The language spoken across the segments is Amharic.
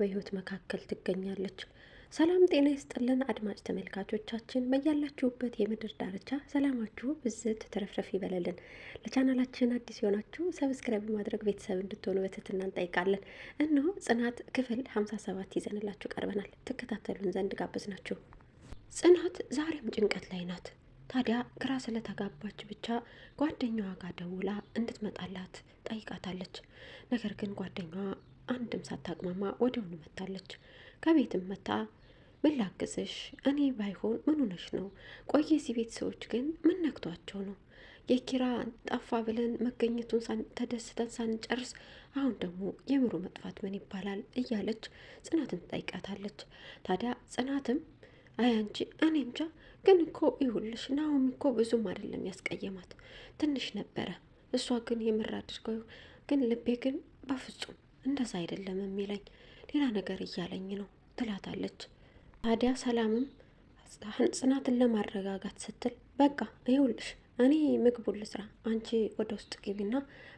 በህይወት መካከል ትገኛለች። ሰላም ጤና ይስጥልን አድማጭ ተመልካቾቻችን፣ በያላችሁበት የምድር ዳርቻ ሰላማችሁ ብዝት ትረፍረፍ ይበለልን። ለቻናላችን አዲስ የሆናችሁ ሰብስክራይብ ማድረግ ቤተሰብ እንድትሆኑ በትህትና እንጠይቃለን። እነሆ ጽናት ክፍል ሰባት ይዘንላችሁ ቀርበናል። ትከታተሉን ዘንድ ጋበዝ ናችሁ። ጽናት ዛሬም ጭንቀት ላይ ናት። ታዲያ ግራ ስለተጋባች ብቻ ጓደኛዋ ጋር ደውላ እንድትመጣላት ጠይቃታለች። ነገር ግን ጓደኛዋ አንድም ሳታቅማማ ወዲያውኑ መታለች። ከቤትም መታ ምን ላግዝሽ? እኔ ባይሆን ምን ሆነሽ ነው? ቆይ የዚህ ቤት ሰዎች ግን ምን ነክቷቸው ነው? የኪራ ጠፋ ብለን መገኘቱን ተደስተን ሳንጨርስ አሁን ደግሞ የምሩ መጥፋት ምን ይባላል? እያለች ጽናትን ትጠይቃታለች። ታዲያ ጽናትም አይ አንቺ እኔ እንጃ ግን እኮ ይሁልሽ ናሆም እኮ ብዙም አይደለም ያስቀየማት ትንሽ ነበረ። እሷ ግን የምር አድርገው ግን ልቤ ግን በፍጹም እንደዛ አይደለም የሚለኝ ሌላ ነገር እያለኝ ነው ትላታለች። ታዲያ ሰላምም ጽናትን ለማረጋጋት ስትል በቃ ይኸውልሽ እኔ ምግቡን ልስራ፣ አንቺ ወደ ውስጥ ግቢና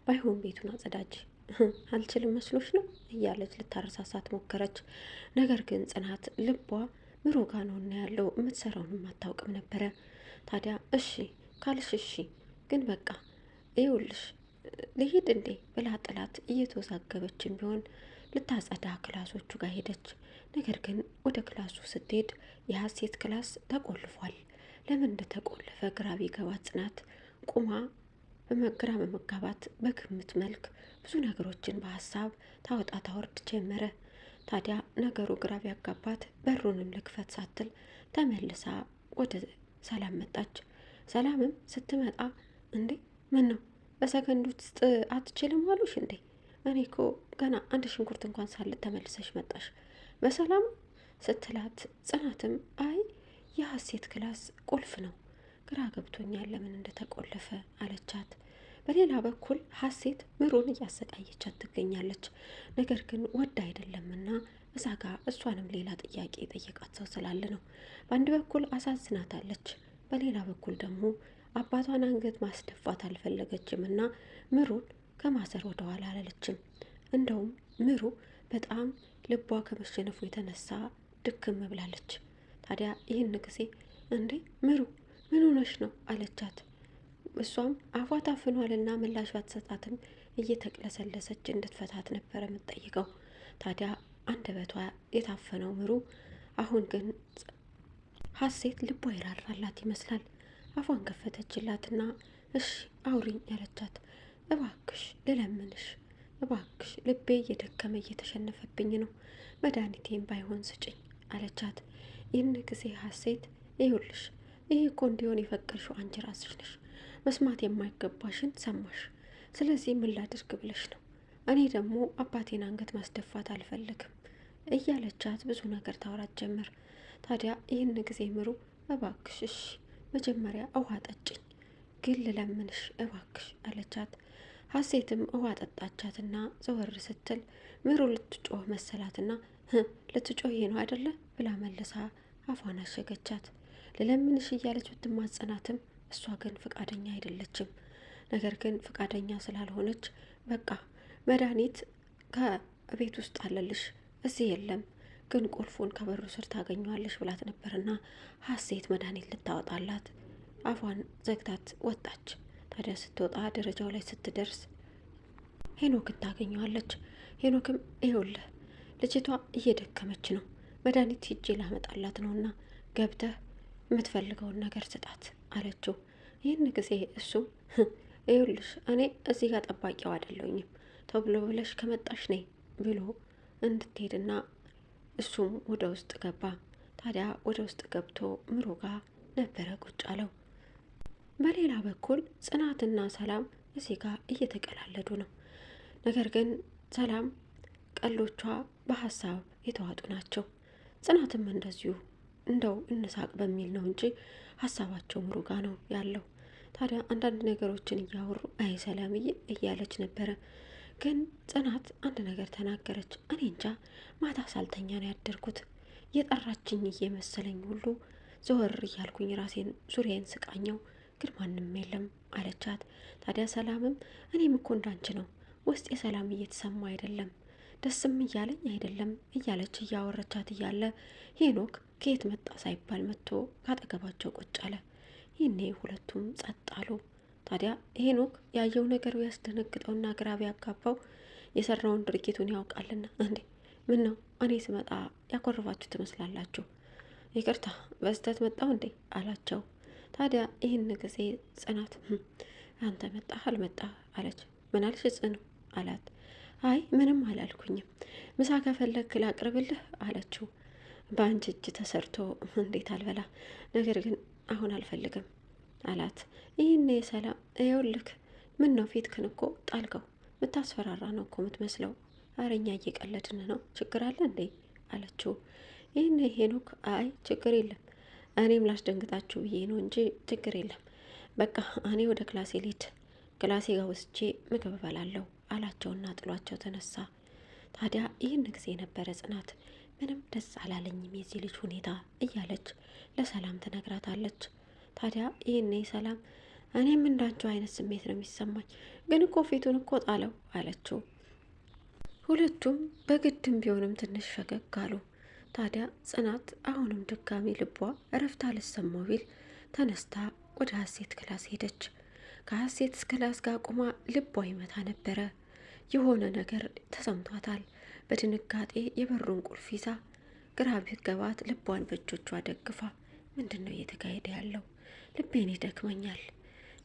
ባይሆን ቤቱን አጸዳጅ፣ አልችልም መስሎች ነው እያለች ልታረሳሳት ሞከረች። ነገር ግን ጽናት ልቧ ምሮ ጋ ነውና ያለው የምትሰራውንም አታውቅም ነበረ። ታዲያ እሺ ካልሽ እሺ፣ ግን በቃ ይኸውልሽ ልሂድ እንዴ ብላ ጥላት እየተወዛገበችን ቢሆን ልታጸዳ ክላሶቹ ጋር ሄደች። ነገር ግን ወደ ክላሱ ስትሄድ የሀሴት ክላስ ተቆልፏል። ለምን እንደተቆለፈ ግራ ቢገባት ጽናት ቁማ በመግራ በመጋባት በግምት መልክ ብዙ ነገሮችን በሀሳብ ታወጣ ታወርድ ጀመረ። ታዲያ ነገሩ ግራ ቢያጋባት በሩንም ልክፈት ሳትል ተመልሳ ወደ ሰላም መጣች። ሰላምም ስትመጣ እንዴ ምን ነው በሰከንድ ውስጥ አትችልም አሉሽ እንዴ? እኔ እኮ ገና አንድ ሽንኩርት እንኳን ሳል ተመልሰሽ መጣሽ። በሰላም ስትላት ጽናትም አይ የሀሴት ክላስ ቁልፍ ነው ግራ ገብቶኛል ለምን እንደተቆለፈ አለቻት። በሌላ በኩል ሀሴት ምሩን እያሰቃየቻት ትገኛለች። ነገር ግን ወድ አይደለምና እዛ ጋ እሷንም ሌላ ጥያቄ የጠየቃት ሰው ስላለ ነው። በአንድ በኩል አሳዝናታለች፣ በሌላ በኩል ደግሞ አባቷን አንገት ማስደፋት አልፈለገችም እና ምሩን ከማሰር ወደኋላ አላለችም። እንደውም ምሩ በጣም ልቧ ከመሸነፉ የተነሳ ድክም ብላለች። ታዲያ ይህን ጊዜ እንዴ ምሩ ምን ሆነሽ ነው አለቻት። እሷም አፏ ታፍኗልና ምላሽ ባትሰጣትም እየተቅለሰለሰች እንድትፈታት ነበረ የምትጠይቀው። ታዲያ አንደበቷ የታፈነው ምሩ አሁን ግን ሀሴት ልቧ ይራራላት ይመስላል። አፏን ከፈተችላትና እሺ አውሪኝ ያለቻት። እባክሽ ልለምንሽ፣ እባክሽ ልቤ እየደከመ እየተሸነፈብኝ ነው፣ መድኃኒቴም ባይሆን ስጭኝ አለቻት። ይህን ጊዜ ሀሴት ይሁልሽ፣ ይህ እኮ እንዲሆን የፈቀድሽው አንቺ ራስሽ ነሽ። መስማት የማይገባሽን ሰማሽ። ስለዚህ ምን ላድርግ ብለሽ ነው። እኔ ደግሞ አባቴን አንገት ማስደፋት አልፈልግም እያለቻት ብዙ ነገር ታወራት ጀመር። ታዲያ ይህን ጊዜ ምሩ እባክሽ እሺ መጀመሪያ ውሃ ጠጭኝ፣ ግን ልለምንሽ እባክሽ አለቻት። ሀሴትም ውሃ ጠጣቻትና ዘወር ስትል ምሩ ልትጮህ መሰላትና ልትጮህ ነው አይደለ ብላ መልሳ አፏን አሸገቻት። ልለምንሽ እያለች ብትማጸናትም እሷ ግን ፈቃደኛ አይደለችም። ነገር ግን ፈቃደኛ ስላልሆነች በቃ መድኃኒት ከቤት ውስጥ አለልሽ እዚህ የለም ግን ቁልፉን ከበሩ ስር ታገኘዋለች ብላት ነበርና ሀሴት መድኃኒት ልታወጣላት አፏን ዘግታት ወጣች። ታዲያ ስትወጣ ደረጃው ላይ ስትደርስ ሄኖክን ታገኘዋለች። ሄኖክም ይኸውልህ ልጅቷ እየደከመች ነው፣ መድኃኒት ሂጄ ላመጣላት ነውና ገብተህ የምትፈልገውን ነገር ስጣት አለችው። ይህን ጊዜ እሱም ይኸውልሽ እኔ እዚህ ጋር ጠባቂው አይደለሁኝም ተብሎ ብለሽ ከመጣሽ ነይ ብሎ እንድትሄድና እሱም ወደ ውስጥ ገባ። ታዲያ ወደ ውስጥ ገብቶ ምሮ ጋር ነበረ ቁጭ አለው። በሌላ በኩል ጽናትና ሰላም እዚህ ጋር እየተቀላለዱ ነው። ነገር ግን ሰላም ቀሎቿ በሀሳብ የተዋጡ ናቸው። ጽናትም እንደዚሁ እንደው እንሳቅ በሚል ነው እንጂ ሀሳባቸው ምሮ ጋ ነው ያለው። ታዲያ አንዳንድ ነገሮችን እያወሩ አይ ሰላምዬ እያለች ነበረ ግን ጽናት አንድ ነገር ተናገረች። እኔ እንጃ ማታ ሳልተኛ ነው ያደርኩት። የጠራችኝ እየመሰለኝ ሁሉ ዘወር እያልኩኝ ራሴን ዙሪያን ስቃኘው ግን ማንም የለም አለቻት። ታዲያ ሰላምም እኔም እኮ እንዳንች ነው፣ ውስጤ ሰላም እየተሰማ አይደለም፣ ደስም እያለኝ አይደለም እያለች እያወረቻት እያለ ሄኖክ ከየት መጣ ሳይባል መጥቶ ካጠገባቸው ቁጭ አለ። ይህኔ ሁለቱም ጸጥ አሉ። ታዲያ ሄኖክ ያየው ነገር ያስደነግጠውና ግራ ቢያጋባው የሰራውን ድርጊቱን ያውቃልና፣ እንዴ ምን ነው እኔ ስመጣ ያኮረፋችሁ ትመስላላችሁ፣ ይቅርታ በስተት መጣሁ እንዴ አላቸው። ታዲያ ይህን ጊዜ ጽናት አንተ መጣህ አልመጣህ አለች። ምን አልሽ ጽኑ አላት። አይ ምንም አላልኩኝም፣ ምሳ ከፈለግክ ላቅርብልህ አለችው። በአንቺ እጅ ተሰርቶ እንዴት አልበላ፣ ነገር ግን አሁን አልፈልግም አላት። ይህን የሰላም ይኸውልህ፣ ምን ነው ፊትክን እኮ ጣልከው፣ ምታስፈራራ ነው እኮ ምትመስለው። አረ እኛ እየቀለድን ነው፣ ችግር አለ እንዴ አለችው። ይህን ሄኖክ፣ አይ ችግር የለም እኔም ላስደንግጣችሁ ብዬ ነው እንጂ ችግር የለም። በቃ እኔ ወደ ክላሴ ልሂድ፣ ክላሴ ጋር ወስጄ ምግብ እበላለሁ አላቸውና ጥሏቸው ተነሳ። ታዲያ ይህን ጊዜ ነበረ ጽናት ምንም ደስ አላለኝም የዚህ ልጅ ሁኔታ እያለች ለሰላም ትነግራታለች። ታዲያ ይህኔ ሰላም እኔም እንዳንቺው አይነት ስሜት ነው የሚሰማኝ፣ ግን እኮ ፊቱን እኮ ጣለው አለችው። ሁለቱም በግድም ቢሆንም ትንሽ ፈገግ አሉ። ታዲያ ጽናት አሁንም ድጋሚ ልቧ እረፍት አልሰማው ቢል ተነስታ ወደ ሀሴት ክላስ ሄደች። ከሀሴት ክላስ ጋር ቁማ ልቧ ይመታ ነበረ። የሆነ ነገር ተሰምቷታል። በድንጋጤ የበሩን ቁልፍ ይዛ ግራ ቢገባት ልቧን በእጆቿ ደግፋ ምንድን ነው እየተካሄደ ያለው ልቤን ይደክመኛል!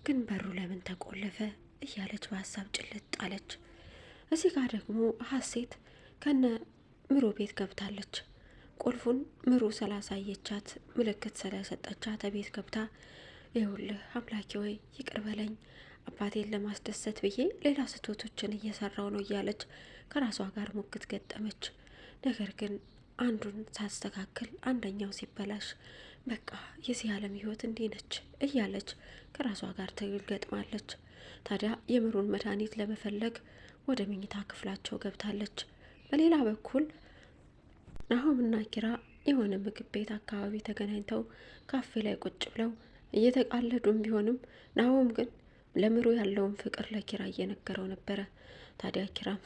ግን በሩ ለምን ተቆለፈ እያለች በሀሳብ ጭልጥ ጣለች። እዚህ ጋር ደግሞ ሀሴት ከነ ምሮ ቤት ገብታለች። ቁልፉን ምሩ ስላሳየቻት ምልክት ስለሰጠቻት ቤት ገብታ ይኸውልህ አምላኬ ወይ ይቅር በለኝ አባቴን ለማስደሰት ብዬ ሌላ ስህተቶችን እየሰራው ነው እያለች ከራሷ ጋር ሙግት ገጠመች። ነገር ግን አንዱን ሳስተካክል አንደኛው ሲበላሽ በቃ የዚህ ዓለም ህይወት እንዲህ ነች እያለች ከራሷ ጋር ትግል ገጥማለች። ታዲያ የምሩን መድኃኒት ለመፈለግ ወደ መኝታ ክፍላቸው ገብታለች። በሌላ በኩል ናሆምና ኪራ የሆነ ምግብ ቤት አካባቢ ተገናኝተው ካፌ ላይ ቁጭ ብለው እየተቃለዱም ቢሆንም ናሆም ግን ለምሩ ያለውን ፍቅር ለኪራ እየነገረው ነበረ። ታዲያ ኪራም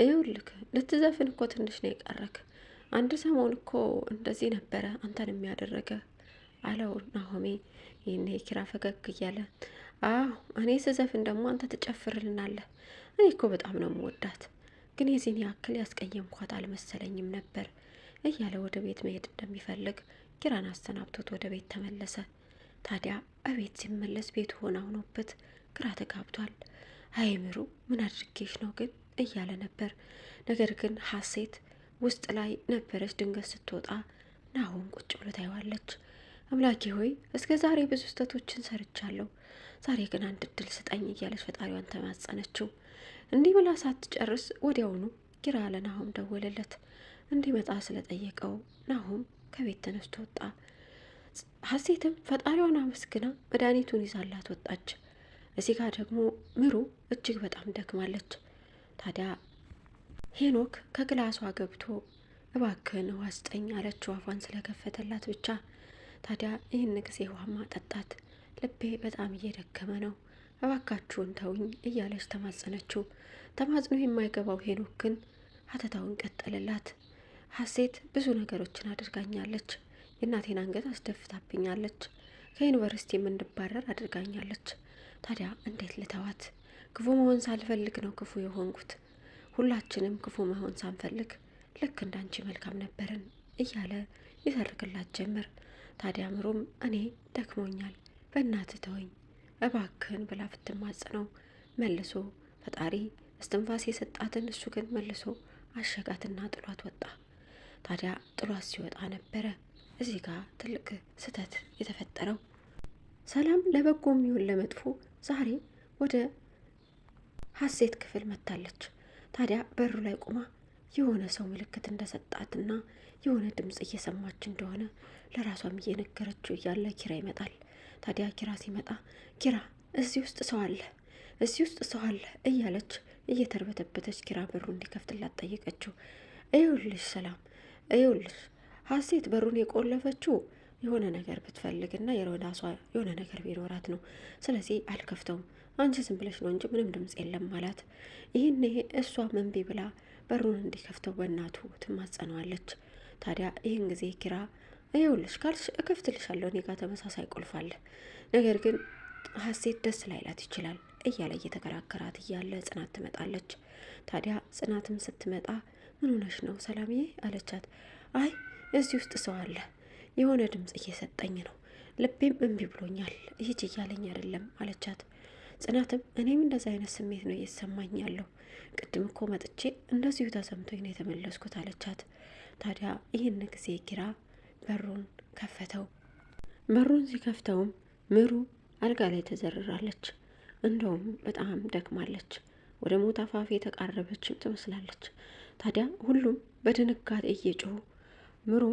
ይኸውልህ ልትዘፍን እኮ ትንሽ ነው የቀረክ አንድ ሰሞን እኮ እንደዚህ ነበረ አንተን የሚያደረገ አለው ናሆሜ። ይህን ኪራ ፈገግ እያለ አዎ እኔ ስዘፍን ደግሞ አንተ ትጨፍርልናለህ። እኔ እኮ በጣም ነው የምወዳት፣ ግን የዚህን ያክል ያስቀየምኳት አልመሰለኝም ነበር እያለ ወደ ቤት መሄድ እንደሚፈልግ ኪራን አሰናብቶት ወደ ቤት ተመለሰ። ታዲያ እቤት ሲመለስ ቤቱ ሆና ሆኖበት ግራ ተጋብቷል። አይምሩ ምን አድርጌሽ ነው ግን እያለ ነበር። ነገር ግን ሀሴት ውስጥ ላይ ነበረች። ድንገት ስትወጣ ናሆም ቁጭ ብሎ ታይዋለች። አምላኬ ሆይ እስከ ዛሬ ብዙ ስህተቶችን ሰርቻለሁ፣ ዛሬ ግን አንድ እድል ስጠኝ እያለች ፈጣሪዋን ተማጸነችው። እንዲህ ብላ ሳትጨርስ ወዲያውኑ ጊራ ለናሆም ደወለለት። እንዲመጣ ስለጠየቀው ናሆም ከቤት ተነስቶ ወጣ። ሀሴትም ፈጣሪዋን አመስግና መድኃኒቱን ይዛላት ወጣች። እዚህ ጋር ደግሞ ምሩ እጅግ በጣም ደክማለች። ታዲያ ሄኖክ ከግላሷ ገብቶ እባክን ዋስጠኝ ስጠኝ አለችው፣ አፏን ስለከፈተላት ብቻ። ታዲያ ይህን ጊዜ ውሃማ ጠጣት። ልቤ በጣም እየደከመ ነው፣ እባካችሁን ተውኝ እያለች ተማጸነችው። ተማጽኖ የማይገባው ሄኖክ ግን ሀተታውን ቀጠለላት። ሀሴት ብዙ ነገሮችን አድርጋኛለች። የእናቴን አንገት አስደፍታብኛለች። ከዩኒቨርሲቲም እንድባረር አድርጋኛለች። ታዲያ እንዴት ልተዋት? ክፉ መሆን ሳልፈልግ ነው ክፉ የሆንኩት። ሁላችንም ክፉ መሆን ሳንፈልግ ልክ እንዳንቺ መልካም ነበርን እያለ ይሰርግላት ጀምር ታዲያ ምሩም እኔ ደክሞኛል፣ በእናትህ ተወኝ እባክህን ብላ ብትማጽነው መልሶ ፈጣሪ እስትንፋስ የሰጣትን እሱ ግን መልሶ አሸጋትና ጥሏት ወጣ። ታዲያ ጥሏት ሲወጣ ነበረ እዚህ ጋር ትልቅ ስህተት የተፈጠረው። ሰላም ለበጎ የሚሆን ለመጥፎ ዛሬ ወደ ሀሴት ክፍል መታለች። ታዲያ በሩ ላይ ቆማ የሆነ ሰው ምልክት እንደሰጣትና የሆነ ድምፅ እየሰማች እንደሆነ ለራሷም እየነገረችው እያለ ኪራ ይመጣል። ታዲያ ኪራ ሲመጣ ኪራ እዚህ ውስጥ ሰው አለ፣ እዚህ ውስጥ ሰው አለ እያለች እየተርበተበተች ኪራ በሩ እንዲከፍትላት ጠየቀችው። እዩልሽ ሰላም፣ እዩልሽ ሀሴት በሩን የቆለፈችው የሆነ ነገር ብትፈልግና የሮዳሷ የሆነ ነገር ቢኖራት ነው። ስለዚህ አልከፍተውም አንቺ ዝም ብለሽ ነው እንጂ ምንም ድምፅ የለም አላት። ይህኔ እሷ መንቤ ብላ በሩን እንዲከፍተው በእናቱ ትማጸነዋለች። ታዲያ ይህን ጊዜ ኪራ ይኸውልሽ ካልሽ እከፍትልሻለሁ፣ እኔ ጋ ተመሳሳይ ቁልፍ አለ፣ ነገር ግን ሀሴት ደስ ላይላት ይችላል እያለ እየተከራከራት እያለ ጽናት ትመጣለች። ታዲያ ጽናትም ስትመጣ ምን ሆነሽ ነው ሰላምዬ አለቻት። አይ እዚህ ውስጥ ሰው አለ፣ የሆነ ድምፅ እየሰጠኝ ነው፣ ልቤም እምቢ ብሎኛል፣ ይህች እያለኝ አይደለም አለቻት። ጽናትም እኔም እንደዚ አይነት ስሜት ነው እየተሰማኝ ያለው፣ ቅድም እኮ መጥቼ እንደዚሁ ተሰምቶኝ ነው የተመለስኩት አለቻት። ታዲያ ይህን ጊዜ ኪራ በሩን ከፈተው። በሩን ሲከፍተውም ምሩ አልጋ ላይ ተዘርራለች። እንደውም በጣም ደክማለች። ወደ ሞት አፋፍ የተቃረበችም ትመስላለች። ታዲያ ሁሉም በድንጋጤ እየጮሁ ምሩ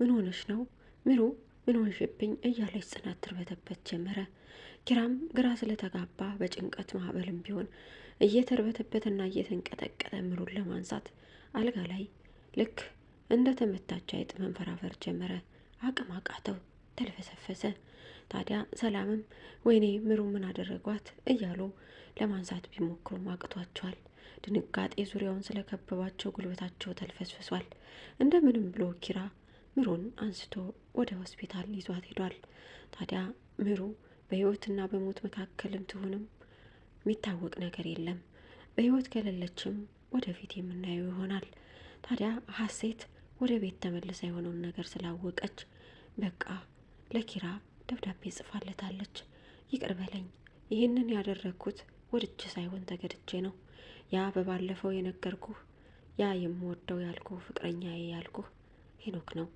ምን ሆነች ነው ምሩ ምን ሆንሽብኝ እያለች ጽናት ትርበተበት ጀመረ። ኪራም ግራ ስለተጋባ በጭንቀት ማዕበልም ቢሆን እየተርበተበትና እየተንቀጠቀጠ ምሩን ለማንሳት አልጋ ላይ ልክ እንደ ተመታች አይጥ መንፈራፈር ጀመረ። አቅም አቃተው፣ ተልፈሰፈሰ። ታዲያ ሰላምም ወይኔ ምሩ ምን አደረጓት እያሉ ለማንሳት ቢሞክሩም አቅቷቸዋል። ድንጋጤ ዙሪያውን ስለከበባቸው ጉልበታቸው ተልፈስፍሷል። እንደምንም ብሎ ኪራ ምሩን አንስቶ ወደ ሆስፒታል ይዟት ሄዷል። ታዲያ ምሩ በህይወትና በሞት መካከልም ትሆንም የሚታወቅ ነገር የለም። በህይወት ከሌለችም ወደፊት የምናየው ይሆናል። ታዲያ ሀሴት ወደ ቤት ተመልሳ የሆነውን ነገር ስላወቀች በቃ ለኪራ ደብዳቤ ጽፋለታለች። ይቅር በለኝ ይህንን ያደረግኩት ወድጄ ሳይሆን ተገድቼ ነው። ያ በባለፈው የነገርኩህ ያ የምወደው ያልኩ ፍቅረኛዬ ያልኩህ ሄኖክ ነው።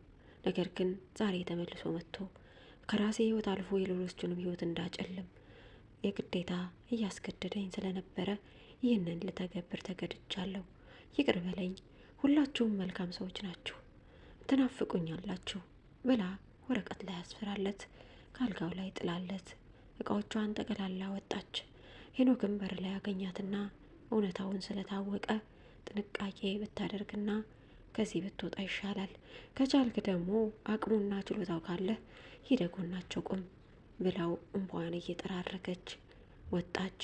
ነገር ግን ዛሬ ተመልሶ መጥቶ ከራሴ ህይወት አልፎ የሌሎችንም ህይወት እንዳጨልም የግዴታ እያስገደደኝ ስለነበረ ይህንን ልተገብር ተገድቻለሁ። ይቅር በለኝ። ሁላችሁም መልካም ሰዎች ናችሁ፣ ትናፍቁኛላችሁ ብላ ወረቀት ላይ ያስፈራለት ከአልጋው ላይ ጥላለት እቃዎቿን ጠቅላላ ወጣች። ሄኖክም በር ላይ ያገኛትና እውነታውን ስለታወቀ ጥንቃቄ ብታደርግና ከዚህ ብትወጣ ይሻላል። ከቻልክ ደግሞ አቅሙና ችሎታው ካለ ይደጎናቸው ቁም ብለው እንቧን እየጠራረገች ወጣች።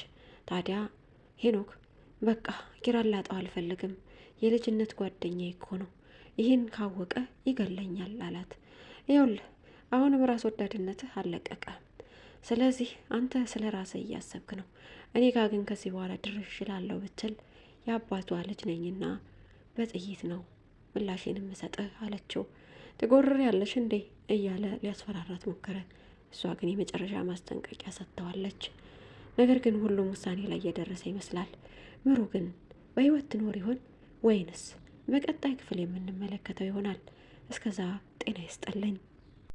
ታዲያ ሄኖክ በቃ ኪራን ላጣው አልፈልግም፣ የልጅነት ጓደኛ እኮ ነው፣ ይህን ካወቀ ይገለኛል አላት። ይኸውልህ አሁንም ራስ ወዳድነትህ አለቀቀ። ስለዚህ አንተ ስለ ራስህ እያሰብክ ነው። እኔ ጋ ግን ከዚህ በኋላ ድርሽ እላለሁ ብትል የአባቷ ልጅ ነኝና በጥይት ነው ምላሽን የምሰጥህ አለችው። ትጎርር ያለሽ እንዴ እያለ ሊያስፈራራት ሞከረ። እሷ ግን የመጨረሻ ማስጠንቀቂያ ሰጥተዋለች። ነገር ግን ሁሉም ውሳኔ ላይ እየደረሰ ይመስላል። ምሩ ግን በህይወት ትኖር ይሆን ወይንስ በቀጣይ ክፍል የምንመለከተው ይሆናል። እስከዛ ጤና ይስጠልኝ።